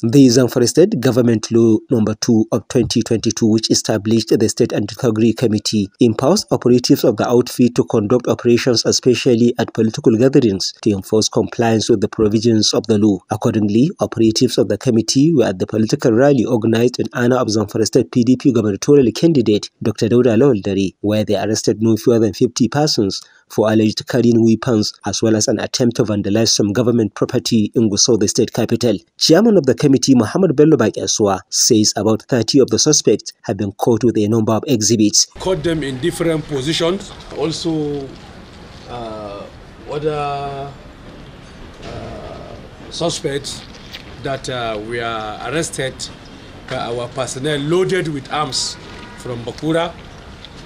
The Zamfara State Government Law Number no. 2 of 2022, which established the State Anti-Thuggery Committee, empowers operatives of the outfit to conduct operations, especially at political gatherings, to enforce compliance with the provisions of the law. Accordingly, operatives of the committee were at the political rally organized in honor of Zamfara State PDP gubernatorial candidate Dr. Dauda Lawaldari, where they arrested no fewer than 50 persons for alleged carrying weapons as well as an attempt to vandalize some government property in Gusau, the state capital. Chairman of the committee, Mohammed Bello Bakeswa, says about 30 of the suspects have been caught with a number of exhibits. Caught them in different positions, also uh, other uh, suspects that uh, are arrested, uh, our personnel loaded with arms from Bakura,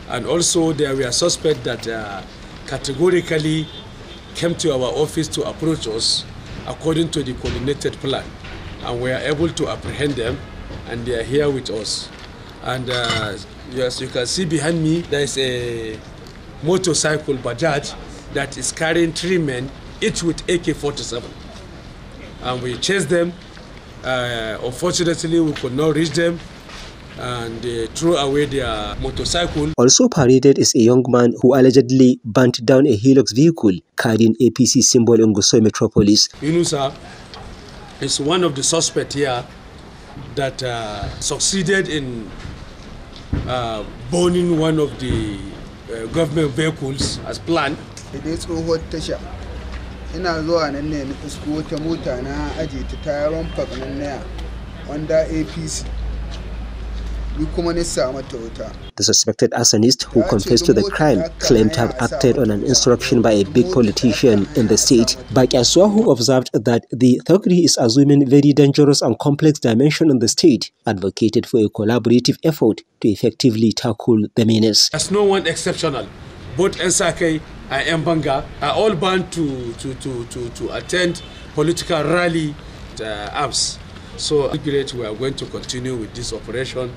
and also there were suspects that uh, categorically came to our office to approach us according to the coordinated plan. And we are able to apprehend them, and they are here with us. And uh, as you can see behind me, there is a motorcycle Bajaj that is carrying three men, each with AK-47. And we chased them. Uh, unfortunately, we could not reach them. and they threw away their motorcycle. Also paraded is a young man who allegedly burnt down a Hilux vehicle carrying APC symbol in Gusau Metropolis. Yunusa is one of the suspects here that uh, succeeded in uh, burning one of the uh, government vehicles as planned. ina zuwa nan ne na isko wata mota na aji ta taron fagnan naya wanda apc The suspected arsonist who confessed to the crime claimed to have acted on an instruction by a big politician in the state. who observed that the thuggery is assuming very dangerous and complex dimension in the state, advocated for a collaborative effort to effectively tackle the menace. There's no one exceptional. Both Nsake and Mbanga are all bound to, to, to, to, to attend political rally uh, arms. So, we are going to continue with this operation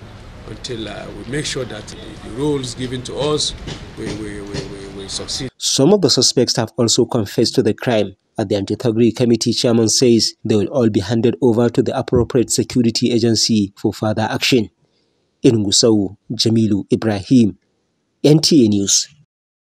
until uh, we make sure that the, the given to us we, we, we, we, succeed. Some of the suspects have also confessed to the crime. the Anti-Thuggery Committee chairman says, they will all be handed over to the appropriate security agency for further action. In Gusau, Jamilu Ibrahim, NTA News.